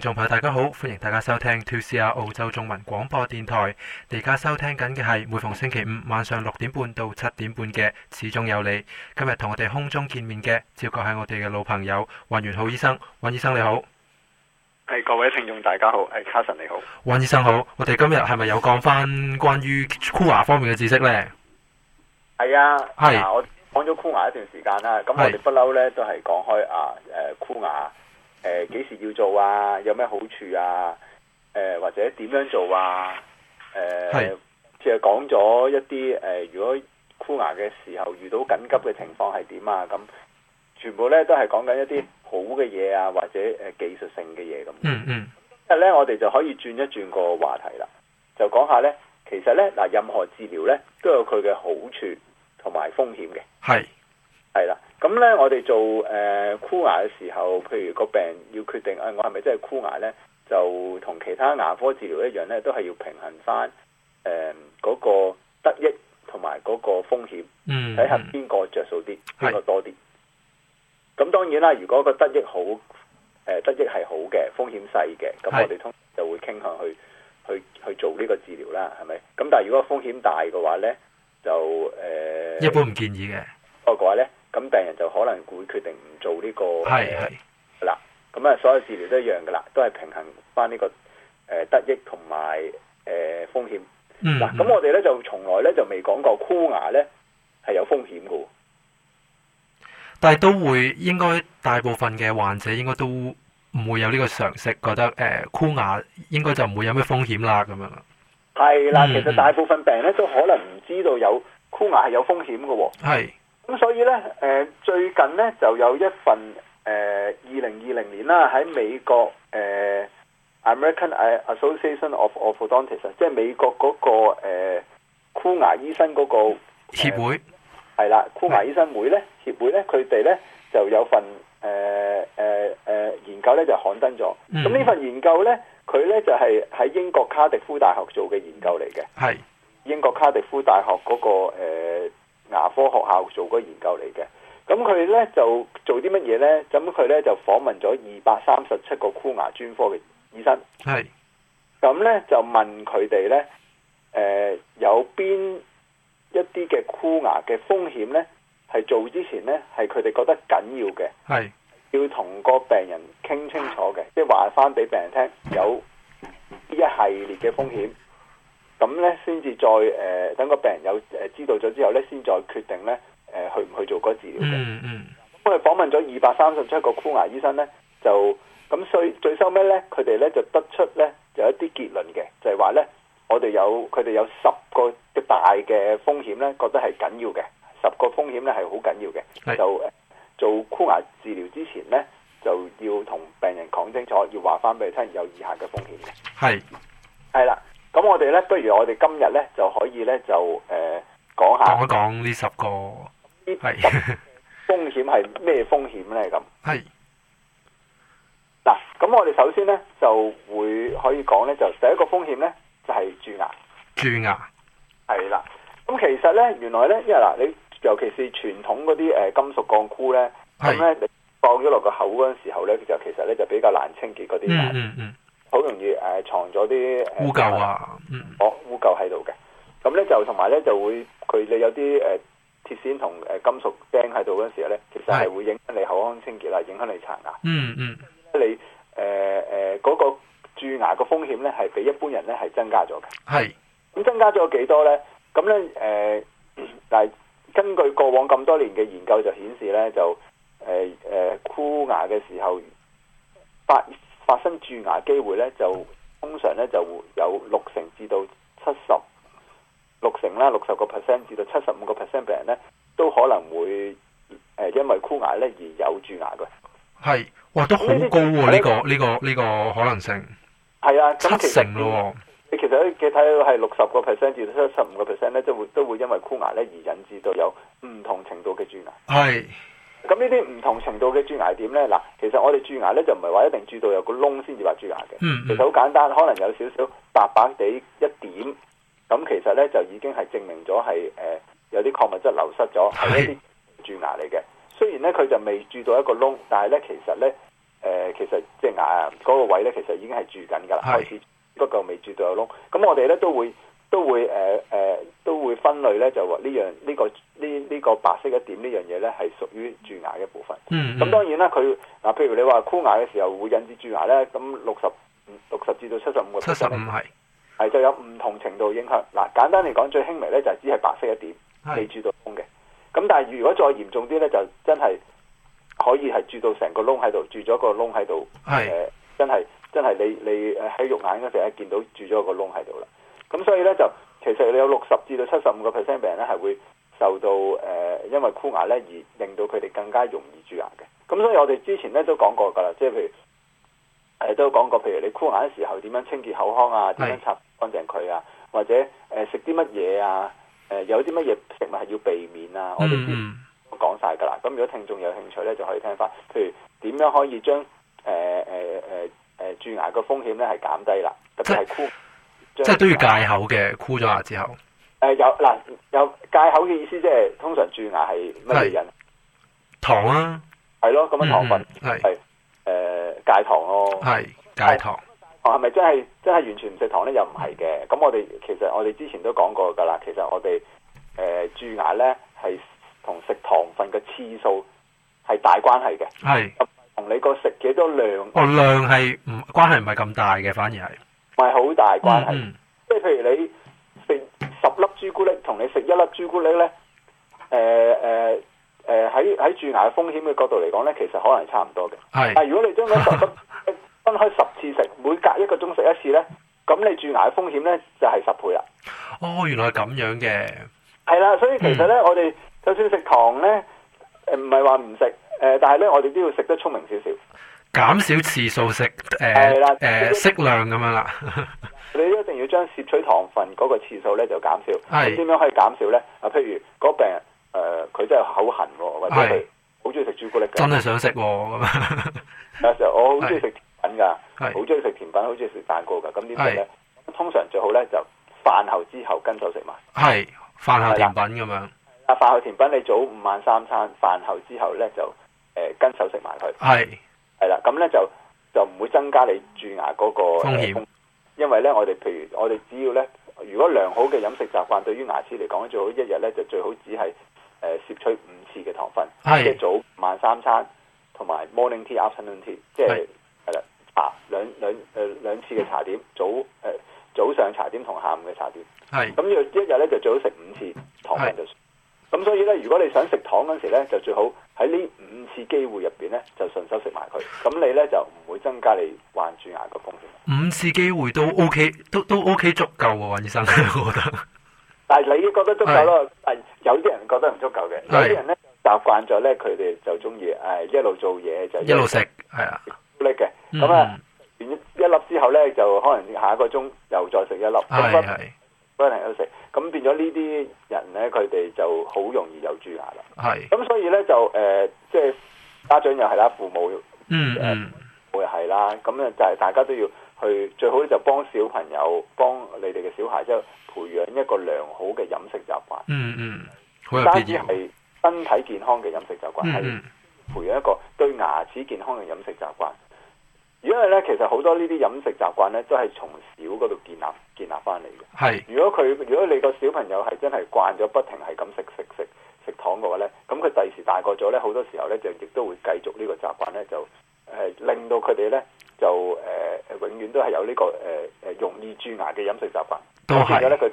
眾朋友，大家好，歡迎大家收聽 To s 澳洲中文廣播電台。你而家收聽緊嘅係每逢星期五晚上六點半到七點半嘅《齒中有理》。今日同我哋空中見面嘅，照顧係我哋嘅老朋友，尹元晧醫生。尹醫生你好，係各位聽眾大家好，係卡神你好，尹醫生好。我哋今日係咪有講返關於箍牙方面嘅知識呢？係啊，係嗱我講咗箍牙一段時間啦，咁我哋不嬲呢，都係講開啊，誒，箍牙。誒，幾時要做啊？有咩好處啊？誒、呃，或者點樣做啊？誒、呃，是即係講咗一啲誒、呃，如果箍牙嘅時候遇到緊急嘅情況係點啊？咁全部咧都係講緊一啲好嘅嘢啊，或者誒、呃，技術性嘅嘢咁。嗯嗯，今日咧我哋就可以轉一轉個話題啦，就講下咧，其實咧嗱，任何治療咧都有佢嘅好處同埋風險嘅。係係啦。咁咧，我哋做誒箍、呃、牙嘅時候，譬如個病人要決定，誒、啊、我係咪真係箍牙咧？就同其他牙科治療一樣咧，都係要平衡翻誒嗰個得益同埋嗰個風險，睇下邊個着數啲，邊是個多啲。咁當然啦，如果個得益好，誒、呃、得益係好嘅，風險細嘅，咁我哋通就會傾向去是去去，去做呢個治療啦，係咪？咁但係如果風險大嘅話咧，就誒、呃、一般唔建議嘅。嗰個話咧？咁病人就可能會決定唔做呢、這個係係啦，咁啊是是、呃、所有治療都一樣噶啦，都係平衡翻呢、這個誒、呃、得益同埋誒風險。嗱、嗯嗯啊，咁我哋咧就從來咧就未講過箍牙咧係有風險噶，但係都會應該大部分嘅患者應該都唔會有呢個常識，覺得誒箍牙應該就唔會有咩風險啦咁樣。係啦，其實大部分病人咧都可能唔知道有箍牙係有風險噶喎。係、嗯嗯。咁所以咧，誒、呃、最近咧就有一份誒二零二零年啦，喺美國誒、呃、American 誒 Association of of Orthodontists，即係美國嗰、那個箍、呃、牙醫生嗰、那個、呃、協會，係啦，箍牙醫生會咧協會咧，佢哋咧就有份誒誒誒研究咧就刊登咗。咁呢、嗯、份研究咧，佢咧就係、是、喺英國卡迪夫大學做嘅研究嚟嘅，係的英國卡迪夫大學嗰、那個、呃牙科學校做嗰研究嚟嘅，咁佢咧就做啲乜嘢咧？咁佢咧就訪問咗二百三十七個箍牙專科嘅醫生，係是，咁咧就問佢哋咧，誒、呃、有邊一啲嘅箍牙嘅風險咧？係做之前咧，係佢哋覺得緊要嘅，係是要同個病人傾清楚嘅，即係話翻俾病人聽有一系列嘅風險。咁咧，先至再誒等個病人有誒知道咗之後咧，先再決定咧誒去唔去做嗰治療嘅。嗯嗯。我哋訪問咗二百三十七個箍牙醫生咧，就咁所最收尾咧，佢哋咧就得出咧有一啲結論嘅，就係話咧我哋有佢哋有十個嘅大嘅風險咧，覺得係緊要嘅，十個風險咧係好緊要嘅。係。就做箍牙治療之前咧，就要同病人講清楚，要話翻俾佢聽有以下嘅風險嘅。係。係啦。咁我哋咧，不如我哋今日咧就可以咧，就誒講、呃、下講一講呢十個係呢十風險係咩風險咧？咁係嗱，咁我哋首先咧就會可以講咧，就第一個風險咧就係蛀牙，蛀牙係啦。咁其實咧，原來咧，因為嗱，你尤其是傳統嗰啲誒金屬鋼箍咧，咁咧放咗落個口嗰陣時候咧，就其實咧就比較難清潔嗰啲牙。嗯嗯嗯好容易誒藏咗啲污垢啊！嗯，哦污垢喺度嘅，咁咧就同埋咧就會佢你有啲誒鐵線同誒金屬釘喺度嗰陣時候咧，其實係會影響你口腔清潔啦，影響你殘牙。嗯嗯，你誒誒嗰個蛀牙嘅風險咧，係比一般人咧係增加咗嘅。係，咁增加咗幾多咧？咁咧誒，但係根據過往咁多年嘅研究就顯示咧，就誒誒箍牙嘅時候發發生蛀牙機會咧，就通常咧就有六成至到七十六成啦，六十個 percent 至到七十五個 percent 嘅人咧，都可能會誒因為箍牙咧而有蛀牙嘅。係，哇，都好高喎、啊！呢、嗯這個呢、嗯這個呢、這個這個可能性。係啊，其實七成嘅喎，你其實你睇到係六十個 percent 至到七十五個 percent 咧，都會都會因為箍牙咧而引致到有唔同程度嘅蛀牙。係。咁呢啲唔同程度嘅蛀牙點呢？嗱，其實我哋蛀牙呢，就唔係話一定蛀到有個窿先至話蛀牙嘅，嗯嗯、其實好簡單，可能有少少白白地一點點，咁其實呢，就已經係證明咗係誒有啲礦物質流失咗，係一啲蛀牙嚟嘅。雖然呢，佢就未蛀到一個窿，但係呢，其實呢，誒、呃、其實即係牙啊嗰個位呢，其實已經係蛀緊㗎喇，嗯、開始不過未蛀到有窿。咁我哋呢都會。都會誒誒、呃、都會分類咧，就話呢樣呢個呢呢、這個這個白色一點呢樣嘢咧，係屬於蛀牙嘅部分。嗯咁、嗯、當然啦，佢嗱，譬如你話箍牙嘅時候會引致蛀牙咧，咁六十五六十至到七十五個 percent，七十五係係就有唔同程度影響。嗱，簡單嚟講，最輕微咧就係只係白色一點未蛀到窿嘅。咁但係如果再嚴重啲咧，就真係可以係蛀到成個窿喺度，蛀咗個窿喺度，係是、呃、真係真係你你喺肉眼嗰陣時咧見到蛀咗個窿喺度啦。咁所以咧就，其實你有六十至到七十五個 percent 病人咧係會受到誒、呃、因為箍牙咧而令到佢哋更加容易蛀牙嘅。咁所以我哋之前咧都講過㗎啦，即係譬如誒、呃、都講過，譬如你箍牙嘅時候點樣清潔口腔啊，點樣擦乾淨佢啊，或者誒食啲乜嘢啊，誒、呃、有啲乜嘢食物係要避免啊，我哋、嗯嗯、都講晒㗎啦。咁如果聽眾有興趣咧，就可以聽翻，譬如點樣可以將誒誒誒誒蛀牙嘅風險咧係減低啦，特別係箍。即係都要戒口嘅，箍咗牙之後。誒、呃，有嗱、呃，有戒口嘅意思、就是，即係通常蛀牙係乜嘢人？糖啊。係咯，咁樣糖分係。係誒、嗯呃，戒糖咯、哦。係戒糖。哦，係咪真係真係完全唔食糖咧？又唔係嘅。咁、嗯、我哋其實我哋之前都講過噶啦。其實我哋誒蛀牙咧係同食糖分嘅次數係大關係嘅。係同是你個食幾多量？哦，量係唔關係唔係咁大嘅，反而係。唔係好大關係，即係、mm hmm. 譬如你食十粒朱古力，同你食一粒朱古力呢，誒誒喺喺蛀牙嘅風險嘅角度嚟講呢，其實可能係差唔多嘅。但係是 如果你將嗰十粒分開十次食，每隔一個鐘食一次呢，咁你蛀牙嘅風險呢，就係、是、十倍啦。哦，原來係咁樣嘅。係啦，所以其實呢，mm hmm. 我哋就算食糖呢，誒唔係話唔食，誒但係呢，我哋都要食得，得聰明少少。減少次數食，係、呃、啦，誒適了、呃、量咁樣啦。 你一定要將攝取糖分嗰個次數咧就減少。係是，點樣可以減少咧？啊，譬如嗰個病人誒，佢、呃、真係口痕，或者係好中意食朱古力嘅。真係想食咁，有時候我好中意食甜品噶，好中意食甜品，好中意食蛋糕噶。咁點解咧？是通常最好咧就飯後之後跟手食埋。係飯後甜品咁樣。啊，飯後甜品你早午晚三餐，飯後之後咧就誒跟手食埋佢。係是。係啦，咁咧就就唔會增加你蛀牙嗰個風險，呃。因為咧，我哋譬如我哋只要咧，如果良好嘅飲食習慣，對於牙齒嚟講咧，最好一日咧就最好只係誒攝取五次嘅糖分，即係早晚三餐同埋 morning tea、afternoon tea，即係係啦，茶兩兩誒兩次嘅茶點，早誒、呃、早上茶點同下午嘅茶點。係咁要一日咧就最好食五次糖分嘅。咁所以咧，如果你想食糖嗰時咧，就最好喺呢五次機會入邊咧，就順手食埋佢。咁你咧就唔會增加你患蛀牙嘅風險。五次機會都 OK，都都 OK 足夠喎、啊，尹醫生，我覺得。但係你覺得足夠咯？係是的 有啲人覺得唔足夠嘅，是的 有啲人咧習慣咗咧，佢哋就中意誒一路做嘢就一路食係啊，食朱古力嘅。咁啊的，食、嗯、一粒之後咧，就可能下一個鐘又再食一粒。係的不停都食，咁變咗呢啲人咧，佢哋就好容易有蛀牙啦。係是。咁、嗯、所以咧就誒、呃，即係家長又係啦，父母嗯，我又係啦。咁咧、嗯、就係、是、大家都要去最好就幫小朋友，幫你哋嘅小孩，即、就、係、是、培養一個良好嘅飲食習慣。嗯嗯。唔單止係身體健康嘅飲食習慣，係、嗯嗯、培養一個對牙齒健康嘅飲食習慣。因為咧，其實好多呢啲飲食習慣咧，都係從小嗰度建立建立翻嚟嘅。係是。如果佢，如果你個小朋友係真係慣咗不停係咁食食食食糖嘅話咧，咁佢第時大個咗咧，好多時候咧就亦都會繼續呢個習慣咧，就誒、呃、令到佢哋咧就誒、呃、永遠都係有呢、這個誒誒、呃、容易蛀牙嘅飲食習慣。當然啦，佢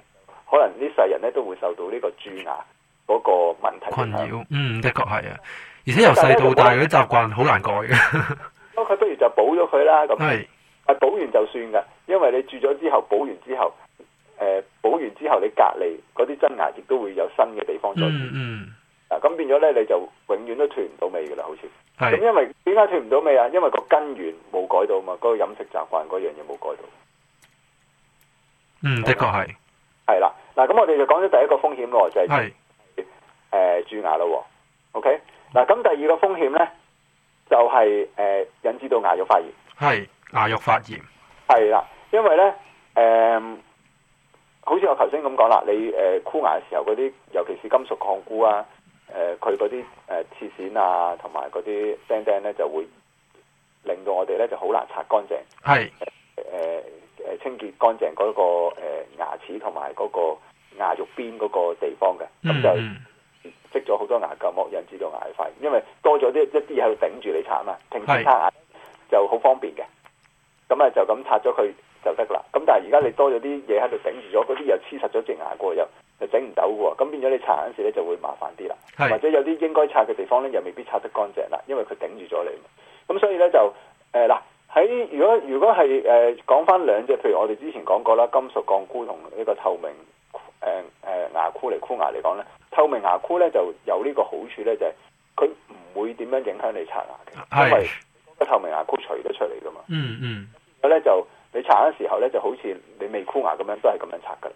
可能呢世人咧都會受到呢個蛀牙嗰個問題困擾。嗯，的確係啊。而且由細到大嗰啲習慣好難改嘅。咁佢不如就補咗佢啦，咁啊，補完就算噶，因為你住咗之後，補完之後，誒、呃，補完之後你隔離嗰啲真牙亦都會有新嘅地方再嗯嗯咁、啊、變咗咧，你就永遠都脫唔到尾噶啦，好似咁是，因為點解脫唔到尾啊？因為個根源冇改到嘛，嗰、那個飲食習慣嗰樣嘢冇改到。嗯，的確係係啦，嗱，咁我哋就講咗第一個風險咯，就係誒蛀牙咯。OK，嗱，咁第二個風險咧。就係、是、誒、呃，引致到牙肉發炎。係牙肉發炎。係啦，因為咧，誒、呃，好似我頭先咁講啦，你誒、呃，箍牙嘅時候，嗰啲尤其是金屬礦箍啊，誒、呃，佢嗰啲誒，切、呃、線啊，同埋嗰啲釘釘咧，就會令到我哋咧就好難擦乾淨。係誒誒，清潔乾淨嗰個誒牙齒同埋嗰個牙肉邊嗰個地方嘅，咁就、嗯。嗯剔咗好多牙垢，冇引致到牙疾，因為多咗啲一啲喺度頂住你擦嘛，平時刷牙就好方便嘅。咁啊，就咁擦咗佢就得啦。咁但係而家你多咗啲嘢喺度頂住咗，嗰啲又黐實咗隻牙過，又又整唔走嘅喎。咁變咗你擦嗰陣時咧，就會麻煩啲啦。是或者有啲應該擦嘅地方咧，又未必擦得乾淨啦，因為佢頂住咗你。咁所以咧就誒嗱，喺、呃、如果如果係誒講翻兩隻，譬如我哋之前講過啦，金屬鋼箍同呢個透明。誒誒、呃，牙箍嚟箍牙嚟講咧，透明牙箍咧就有呢個好處咧，就係佢唔會點樣影響你刷牙嘅，因為個透明牙箍除咗出嚟噶嘛。嗯嗯，咁、嗯、咧就你刷嘅時候咧，就好似你未箍牙咁樣，都係咁樣刷噶。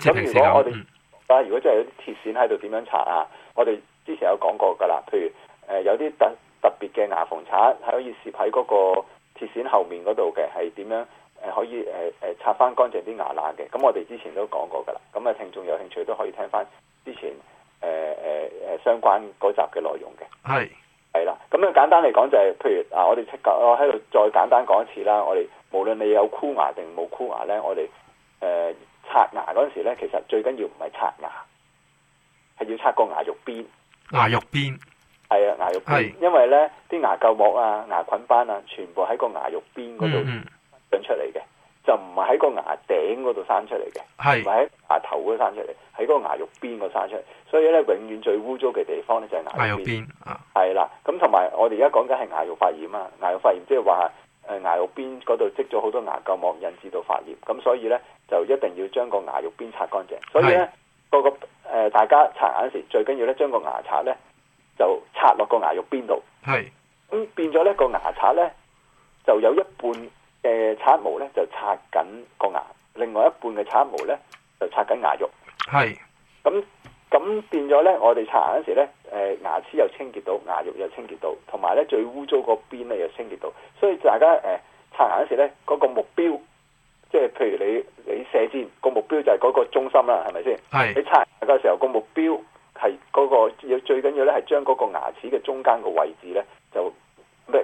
咁如果我哋啊，嗯、但係如果真係有啲鐵線喺度，點樣刷啊？我哋之前有講過噶啦，譬如誒、呃、有啲特特別嘅牙縫刷係可以攝喺嗰個鐵線後面嗰度嘅，係點樣？誒，可以誒誒，刷翻乾淨啲牙罅嘅。咁我哋之前都講過噶啦。咁啊，聽眾有興趣都可以聽翻之前誒誒誒相關嗰集嘅內容嘅。係係啦。咁樣，簡單嚟講就係、是，譬如啊，我哋我喺度再簡單講一次啦。我哋無論你有箍牙定冇箍牙咧，我哋誒刷牙嗰陣時咧，其實最緊要唔係刷牙，係要刷個牙肉邊。牙肉邊係啊，牙肉邊。的因為咧，啲牙垢膜啊、牙菌斑啊，全部喺個牙肉邊嗰度。出嚟嘅就唔係喺個牙頂嗰度生出嚟嘅，係唔係喺牙頭嗰度生出嚟，喺嗰個牙肉邊嗰度生出嚟，所以咧永遠最污糟嘅地方咧就係、是、牙肉邊啊，係啦，咁同埋我哋而家講緊係牙肉發炎啊，牙肉發炎即係話誒牙肉邊嗰度積咗好多牙垢膜，引致到發炎，咁所以咧就一定要將個牙肉邊擦乾淨，所以咧是個誒、呃、大家刷牙時最緊要咧將個牙刷咧就擦落個牙肉邊度，係咁是變咗咧個牙刷咧就有一半。誒，刷毛咧就刷緊個牙，另外一半嘅刷毛咧就刷緊牙肉。係，咁咁變咗咧，我哋刷牙嗰時咧，誒，牙齒又清潔到，牙肉又清潔到，同埋咧最污糟個邊咧又清潔到。所以大家誒刷牙嗰時咧，嗰個目標，即係譬如你你射箭個目標就係嗰個中心啦，係咪先？係，你刷牙嗰時候個目標係嗰個要最緊要咧係將嗰個牙齒嘅中間個位置咧。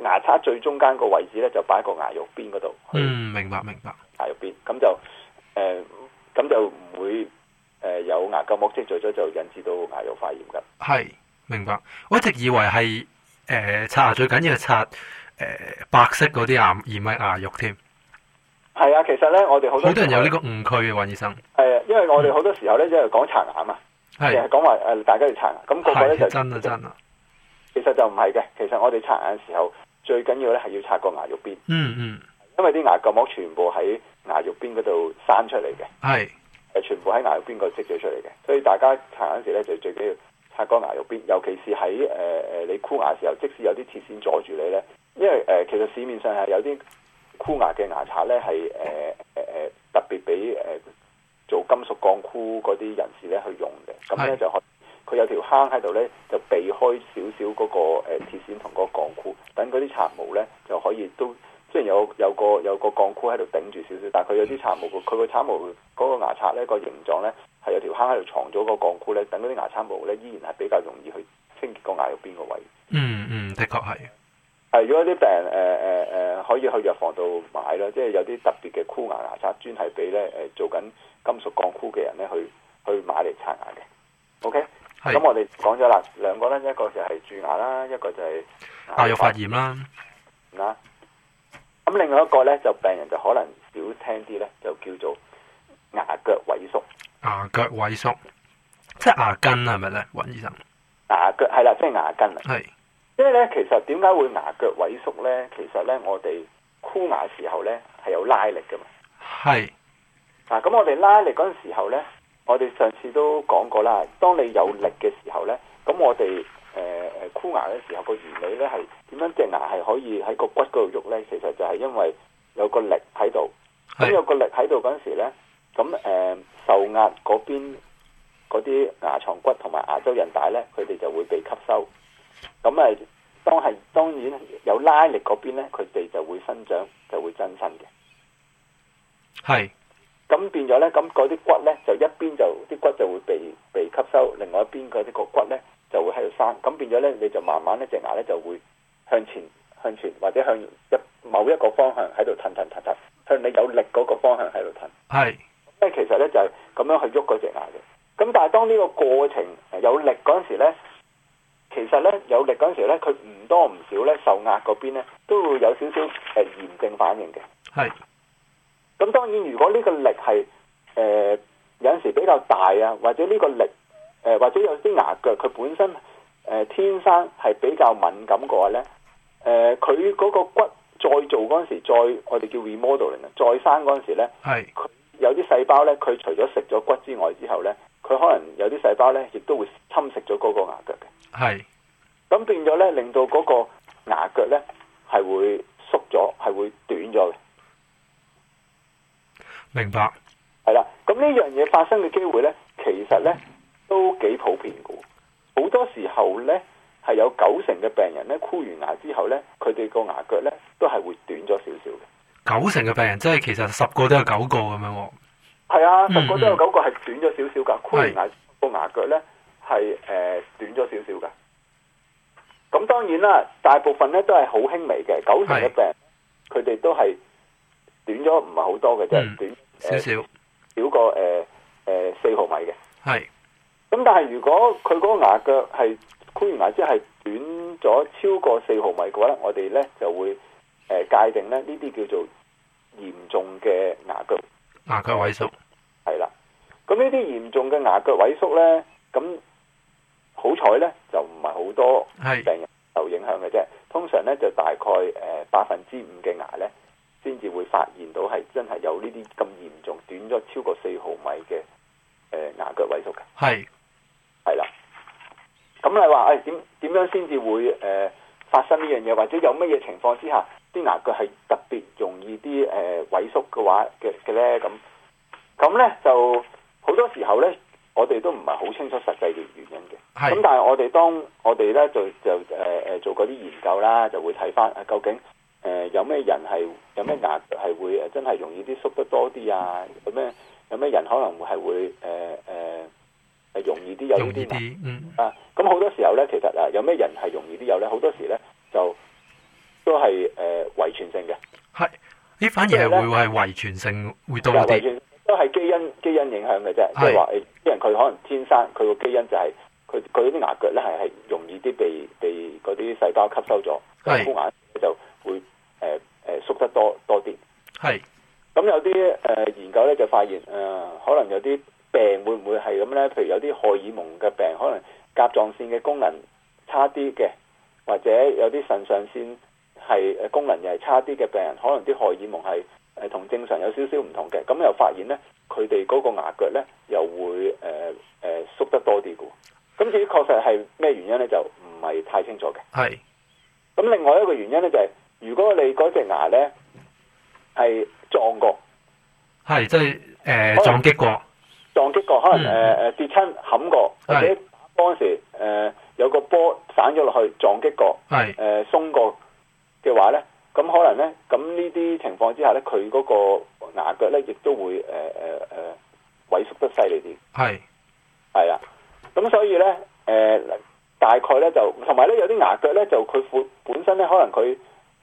牙刷最中間個位置咧，就擺喺個牙肉邊嗰度。嗯，明白明白。牙肉邊咁就誒，咁就唔會誒有牙垢膜積聚咗，就引致到牙肉發炎噶。係，明白。我一直以為係誒，刷牙最緊要係刷誒白色嗰啲牙，而唔係牙肉添。係啊，其實咧，我哋好多人有呢個誤區嘅。尹醫生。係啊，因為我哋好多時候咧，因為講刷牙嘛，淨係講話誒，大家要刷牙，咁個個咧就真啦真啦。其實就唔係嘅，其實我哋刷牙嘅時候最緊要咧係要刷個牙肉邊。嗯。嗯嗯，因為啲牙垢膜全部喺牙肉邊嗰度生出嚟嘅。係是，誒，全部喺牙肉邊個積聚出嚟嘅。所以大家刷牙嗰時咧就最緊要刷個牙肉邊，尤其是喺誒誒你箍牙時候，即使有啲鐵線阻住你咧，因為誒、呃、其實市面上係有啲箍牙嘅牙刷咧係誒誒誒特別俾誒做金屬鋼箍嗰啲人士咧去用嘅。咁咧就可。是佢有條坑喺度咧，就避開少少嗰個誒、呃、鐵線同嗰個鋼箍，等嗰啲刷毛咧就可以都雖然有有個有個鋼箍喺度頂住少少，但係佢有啲刷毛，佢佢個刷毛嗰個牙刷咧個形狀咧係有條坑喺度藏咗個鋼箍咧，等嗰啲牙刷毛咧依然係比較容易去清潔個牙肉邊個位。嗯嗯，的確係係如果啲病人誒誒誒可以去藥房度買咯，即係有啲特別嘅箍牙牙刷，專係俾咧誒做緊金屬鋼箍嘅人咧去去買嚟刷牙嘅。OK。咁是我哋講咗啦，兩個咧，一個就係蛀牙啦，一個就係牙，牙肉發炎啦、啊。嗱，咁另外一個咧，就病人就可能少聽啲咧，就叫做牙腳萎縮。牙腳萎縮，即係牙根係咪咧，尹醫生？牙腳係啦，即係牙根啊。係是，即係咧，其實點解會牙腳萎縮咧？其實咧，我哋箍牙時候咧係有拉力噶嘛。係是，嗱、啊，咁我哋拉力嗰陣時候咧。我哋上次都講過啦，當你有力嘅時候呢，咁我哋誒誒箍牙嘅時候個原理呢係點樣？隻牙係可以喺個骨嗰度喐呢，其實就係因為有個力喺度。咁是有個力喺度嗰陣時呢，咁誒、呃、受壓嗰邊嗰啲牙床骨同埋牙周韌帶呢，佢哋就會被吸收。咁啊，當係當然有拉力嗰邊呢，佢哋就會生長，就會增生嘅。係。咁變咗咧，咁嗰啲骨咧就一邊就啲骨就會被被吸收，另外一邊嗰啲個骨咧就會喺度生。咁變咗咧，你就慢慢咧隻牙咧就會向前向前，或者向一某一個方向喺度騰騰騰騰，向你有力嗰個方向喺度騰。係，即係其實咧就係咁樣去喐嗰隻牙嘅。咁但係當呢個過程有力嗰陣時咧，其實咧有力嗰陣時咧，佢唔多唔少咧受壓嗰邊咧都會有少少誒炎症反應嘅。係。咁當然，如果呢個力係誒、呃、有陣時比較大啊，或者呢個力誒、呃、或者有啲牙腳佢本身誒、呃、天生係比較敏感嘅話咧，誒佢嗰個骨再做嗰陣時，再我哋叫 remodeling，再生嗰陣時咧，係佢是有啲細胞咧，佢除咗食咗骨之外之後咧，佢可能有啲細胞咧，亦都會侵蝕咗嗰個牙腳嘅。係是，咁變咗咧，令到嗰個牙腳咧係會縮咗，係會短咗嘅。明白，係啦，咁呢樣嘢發生嘅機會呢，其實呢都幾普遍嘅。好多時候呢，係有九成嘅病人呢，箍完牙之後呢，佢哋個牙腳呢都係會短咗少少嘅。九成嘅病人，即係其實十個都有九個咁樣、啊。係啊，十個都有九個係短咗少少噶，箍、嗯嗯、完牙個牙腳呢係誒、呃、短咗少少噶。咁當然啦，大部分呢都係好輕微嘅，九成嘅病人佢哋是都係短咗唔係好多嘅啫，嗯、短少少，呃、少過誒誒、呃呃、四毫米嘅，係是。咁、嗯、但係如果佢嗰個牙腳係箍完牙即係短咗超過四毫米嘅話咧，我哋咧就會誒、呃、界定咧呢啲叫做嚴重嘅牙腳牙腳萎縮。係啦，咁呢啲嚴重嘅牙腳萎縮咧，咁、嗯、好彩咧就唔係好多係病人受影響嘅啫。是通常咧就大概誒、呃、百分之五嘅牙咧，先至會發現到係真係有呢啲咁嚴。短咗超過四毫米嘅，誒牙腳萎縮嘅，係係啦，咁你話誒點點樣先至會誒發生呢樣嘢，或者有乜嘢情況之下啲牙腳係特別容易啲誒萎縮嘅話嘅嘅咧？咁咁咧就好多時候咧，我哋都唔係好清楚實際嘅原因嘅，咁但係我哋當我哋咧做就誒誒做嗰啲研究啦，就會睇翻誒究竟。誒、呃，有咩人係有咩牙係會誒，真係容易啲縮得多啲啊？有咩有咩人可能係會誒誒，係、呃呃、容易啲有啲、嗯、啊？咁好多時候咧，其實啊，有咩人係容易啲有咧？好多時咧就都係誒遺傳性嘅。係，呢反而係會係遺傳性會多啲。都係基因基因影響嘅啫，即係話誒，啲人佢可能天生佢個基因就係佢佢啲牙腳咧係係容易啲被被嗰啲細胞吸收咗，係的。是縮得多多啲，係咁是有啲誒、呃、研究咧就發現誒、呃，可能有啲病會唔會係咁咧？譬如有啲荷爾蒙嘅病，可能甲狀腺嘅功能差啲嘅，或者有啲腎上腺係誒功能又係差啲嘅病人，可能啲荷爾蒙係誒同正常有少少唔同嘅，咁又發現咧佢哋嗰個牙腳咧又會誒誒、呃呃、縮得多啲嘅。咁至於確實係咩原因咧，就唔係太清楚嘅。係咁是，另外一個原因咧就係、是。如果你嗰隻牙咧係撞過，係即係誒、呃、撞擊過，撞擊過、嗯、可能誒誒、呃、跌親冚過，或者嗰陣時、呃、有個波散咗落去撞擊過，係誒鬆過嘅話咧，咁可能咧，咁呢啲情況之下咧，佢嗰個牙腳咧亦都會誒誒誒萎縮得犀利啲，係係啦。咁所以咧誒、呃、大概咧就同埋咧有啲牙腳咧就佢本本身咧可能佢。誒，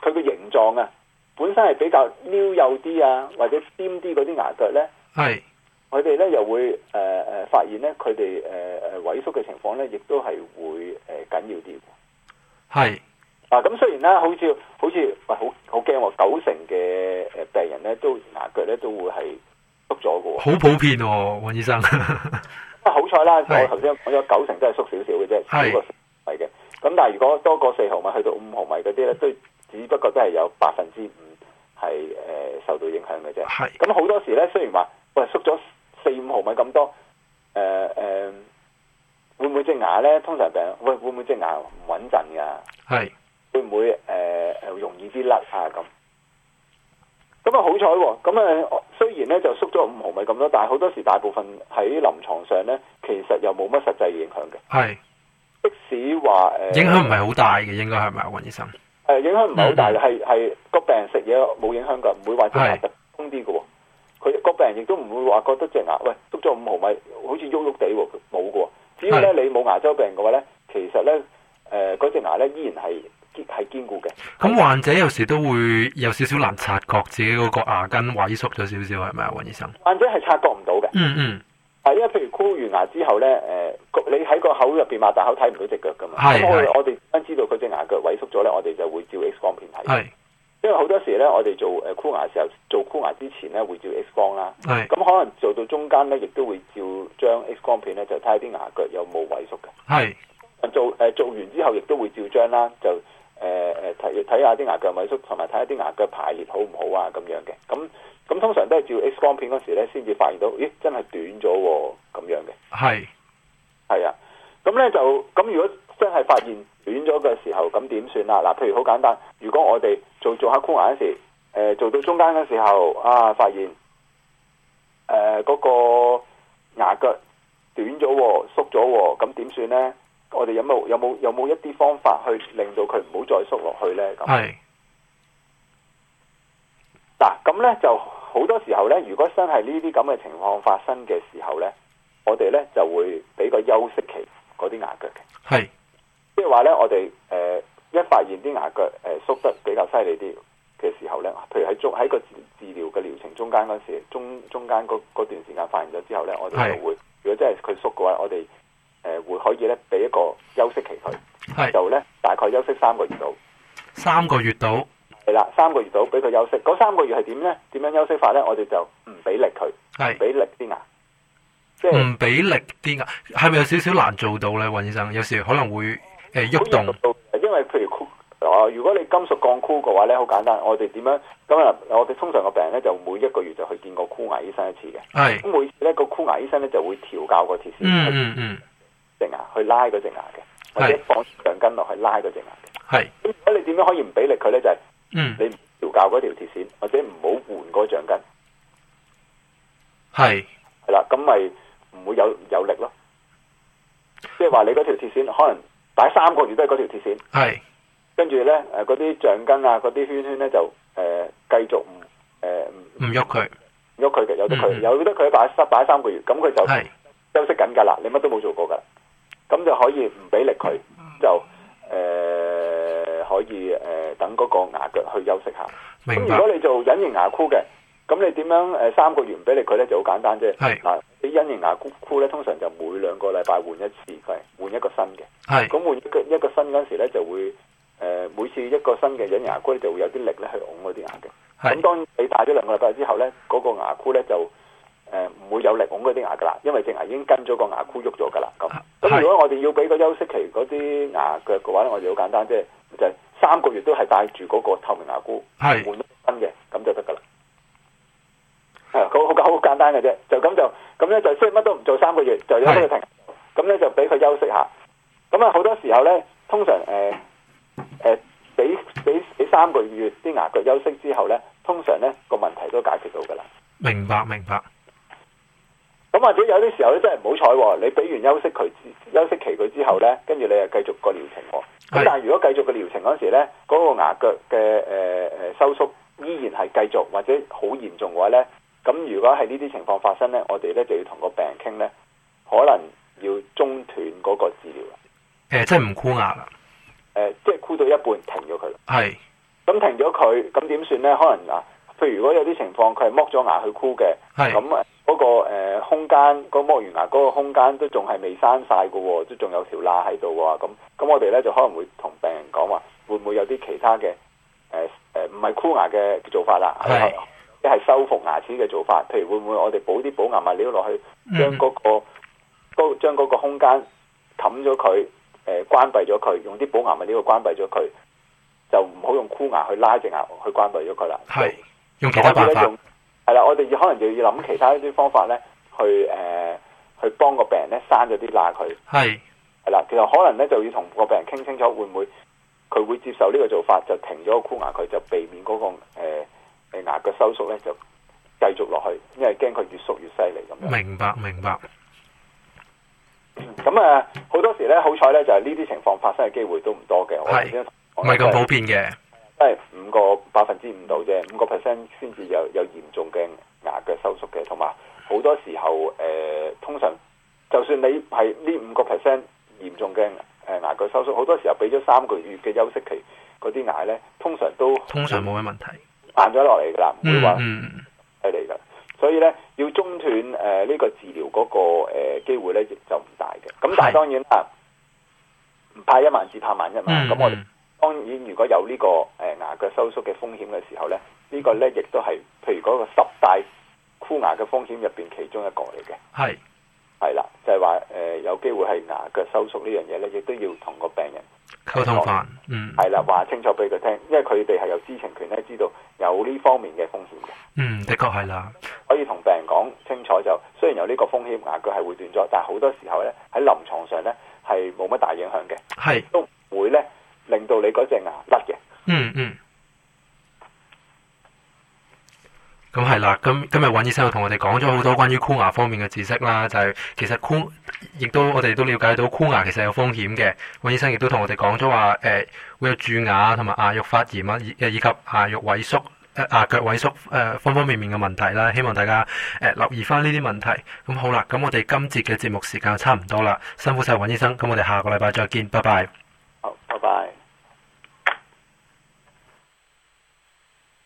佢嘅、呃、形狀啊，本身係比較溜幼啲啊，或者尖啲嗰啲牙腳咧，係是，佢哋咧又會誒誒、呃，發現咧佢哋誒誒萎縮嘅情況咧，亦都係會誒緊、呃、要啲，係是。啊，咁雖然咧，好似好似喂，好好驚喎、哦，九成嘅誒病人咧，都牙腳咧都會係縮咗嘅，好普遍哦，尹醫生。 啊，好彩啦，我頭先講咗九成都係縮少少嘅啫，係是，係嘅。咁但係如果多過四毫米去到五毫米嗰啲咧，都只不過都係有百分之五係誒受到影響嘅啫。係咁好多時咧，雖然話喂縮咗四五毫米咁多，誒、呃、誒、呃，會唔會隻牙咧通常病？喂，會唔會隻牙唔穩陣噶？係是會唔會誒誒、呃、容易啲甩啊？咁咁啊好彩，咁、嗯、啊雖然咧就縮咗五毫米咁多，但係好多時大部分喺臨床上咧，其實又冇乜實際影響嘅。係。即使話誒，呃、影響唔係好大嘅，應該係咪啊，尹醫生？誒、呃，影響唔係好大，係係個病人食嘢冇影響噶，唔會話特別痛啲噶。佢個是病人亦都唔會話覺得隻牙，喂，縮咗五毫米，好似喐喐地，冇噶。只要咧是你冇牙周病嘅話咧，其實咧誒，嗰、呃、隻牙咧依然係堅係堅固嘅。咁、嗯、患者有時都會有少少難察覺自己嗰個牙根萎縮咗少少，係咪啊，尹醫生？患者係察覺唔到嘅。嗯嗯。係，因為譬如箍完牙之後咧，誒、呃，你喺個口入邊擘大口睇唔到隻腳噶嘛，咁是是 我哋一知道佢隻牙腳萎縮咗咧，我哋就會照 X 光片睇。係，是是 因為好多時咧，我哋做誒箍牙嘅時候，做箍牙之前咧會照 X 光啦。係，咁可能做到中間咧，亦都會照張 X 光片咧，就睇下啲牙腳有冇萎縮嘅。係是是，做、呃、誒做完之後亦都會照張啦，就誒誒睇睇下啲牙腳萎縮，同埋睇下啲牙腳排列好唔好啊，咁樣嘅，咁。咁通常都係照 X 光片嗰時咧，先至發現到，咦，真係短咗喎，咁樣嘅。係，係啊。咁咧就，咁如果真係發現短咗嘅時候，咁點算啊？嗱，譬如好簡單，如果我哋做做下箍牙嗰時、呃，做到中間嘅時候，啊，發現誒嗰個牙腳短咗，縮咗，咁點算咧？我哋有冇有冇有冇一啲方法去令到佢唔好再縮落去咧？咁。係。嗱、啊，咁咧就。好多時候咧，如果真係呢啲咁嘅情況發生嘅時候咧，我哋咧就會俾個休息期嗰啲牙腳嘅。係是，即係話咧，我哋誒、呃、一發現啲牙腳誒、呃、縮得比較犀利啲嘅時候咧，譬如喺中喺個治療嘅療程中間嗰時，中中間嗰段時間發現咗之後咧，我哋就會是如果真係佢縮嘅話，我哋誒、呃、會可以咧俾一個休息期佢，是就咧大概休息三個月度，三個月度。係啦，三個月度俾佢休息。嗰三個月係點咧？點樣休息法咧？我哋就唔俾力佢，係唔俾是力啲牙，即係唔俾力啲牙。係咪有少少難做到咧，尹醫生？有時可能會誒喐、呃、動到。因為譬如箍哦、啊，如果你金屬鋼箍嘅話咧，好簡單。我哋點樣咁啊？我哋通常個病人咧，就每一個月就去見個箍牙醫生一次嘅。係咁是，每次咧個箍牙醫生咧就會調校個鐵絲、嗯，嗯嗯隻牙去拉嗰隻牙嘅，或者放長筋落去拉嗰隻牙嘅。係咁是，如果是你點樣可以唔俾力佢咧？就係、是。嗯，你唔調教嗰條鐵線，或者唔好換嗰個橡筋，係係啦，咁咪唔會有有力咯。即係話你嗰條鐵線可能擺三個月都係嗰條鐵線，係跟住咧誒嗰啲橡筋啊嗰啲圈圈咧就誒繼、呃、續唔誒唔喐佢，喐佢嘅有得佢，有得佢擺三擺三個月，咁佢就休息緊噶啦，你乜都冇做過噶啦，咁就可以唔俾力佢就。就就可以誒、呃、等嗰個牙腳去休息下。明白。咁如果你做隱形牙箍嘅，咁你點樣誒、呃、三個月唔俾你佢咧就好簡單啫。係是啊，啲隱形牙箍箍咧通常就每兩個禮拜換一次，係換一個新嘅。係是。咁換一個一個新嗰陣時咧就會誒、呃、每次一個新嘅隱形牙箍咧就會有啲力咧去拱嗰啲牙嘅。咁是當然你戴咗兩個禮拜之後咧，嗰個牙箍咧就誒唔、呃、會有力拱嗰啲牙噶啦，因為隻牙已經跟咗個牙箍喐咗噶啦。咁咁如果我哋要俾個休息期嗰啲牙腳嘅話咧，我哋好簡單啫。就三個月都係戴住嗰個透明牙箍，係是換新嘅，咁就得噶啦。係、啊，好簡單，好簡單嘅啫。就咁就咁咧，就即係乜都唔做三個月，就要是讓佢停。咁咧就俾佢休息下。咁啊，好多時候咧，通常誒誒俾俾俾三個月啲牙腳休息之後咧，通常咧個問題都解決到噶啦。明白，明白。咁或者有啲時候咧，真係唔好彩喎，你俾完休息佢，休息期佢之後咧，跟住你又繼續個療程喎、哦。咁但係如果繼續嘅療程嗰時咧，嗰個牙腳嘅誒誒收縮依然係繼續或者好嚴重嘅話咧，咁如果係呢啲情況發生咧，我哋咧就要同個病人傾咧，可能要中斷嗰個治療。誒、呃，即係唔箍牙啦。誒、呃，即係箍到一半停咗佢。係是。咁停咗佢，咁點算咧？可能啊，譬如如果有啲情況，佢係剝咗牙去箍嘅，咁啊是。嗰、那個、呃、空間，嗰、那個剝完牙嗰個空間都仲係未閂晒㗎喎，都仲有條罅喺度喎。咁、嗯、咁我哋咧就可能會同病人講話，會唔會有啲其他嘅誒誒唔係箍牙嘅做法啦？係一係修復牙齒嘅做法，譬如會唔會我哋補啲補牙物料落去，將嗰、那個高、嗯、將個空間冚咗佢，誒、呃、關閉咗佢，用啲補牙物料關去，去關閉咗佢，就唔好用箍牙去拉隻牙去關閉咗佢啦。係以用其他方法。係啦，我哋要可能就要諗其他啲方法咧，去誒、呃，去幫個病人咧刪咗啲牙佢。係係啦，其實可能咧就要同個病人傾清楚會唔會，佢會接受呢個做法，就停咗個箍牙佢，就避免嗰、那個誒誒、呃、牙嘅收縮咧，就繼續落去，因為驚佢越縮越犀利咁樣，明白。明白明白。咁啊，好 多時咧好彩咧，就係呢啲情況發生嘅機會都唔多嘅，係唔係咁普遍嘅。即係五個百分之五度啫，五個 percent 先至有有嚴重嘅牙腳收縮嘅，同埋好多時候誒、呃，通常就算你係呢五個 percent 嚴重嘅誒牙腳收縮，好多時候俾咗三個月嘅休息期，嗰啲牙咧通常都通常冇咩問題，硬咗落嚟噶啦，唔會話係嚟噶，所以咧要中斷誒呢個治療嗰、那個誒機、呃、會咧亦就唔大嘅。咁但係當然啦，唔是怕一萬至怕萬一、嗯、嘛，咁我哋。當然，如果有呢、這個誒、呃、牙腳收縮嘅風險嘅時候咧，呢、這個呢亦都係譬如嗰個十大箍牙嘅風險入邊其中一個嚟嘅。係係啦，就係話誒有機會係牙腳收縮呢樣嘢呢，亦都要同個病人溝通翻。嗯，係啦，話清楚俾佢聽，因為佢哋係有知情權呢，知道有呢方面嘅風險嘅。嗯，的確係啦，可以同病人講清楚就，雖然有呢個風險，牙腳係會斷咗，但係好多時候呢，喺臨床上呢，係冇乜大影響嘅。係都會呢。令到你嗰隻牙甩嘅。嗯。嗯嗯。咁係啦，今今日尹醫生又同我哋講咗好多關於箍牙方面嘅知識啦，就係、是、其實箍亦都我哋都了解到箍牙其實有風險嘅。尹醫生亦都同我哋講咗話，誒、呃、會有蛀牙同埋牙肉發炎啊，以及牙肉萎縮、牙、呃、腳萎縮誒、呃、方方面面嘅問題啦。希望大家誒、呃、留意翻呢啲問題。咁好啦，咁我哋今節嘅節目時間就差唔多啦，辛苦晒尹醫生。咁我哋下個禮拜再見，拜拜。拜拜。